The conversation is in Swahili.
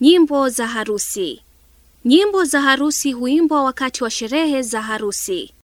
Nyimbo za harusi. Nyimbo za harusi huimbwa wakati wa sherehe za harusi.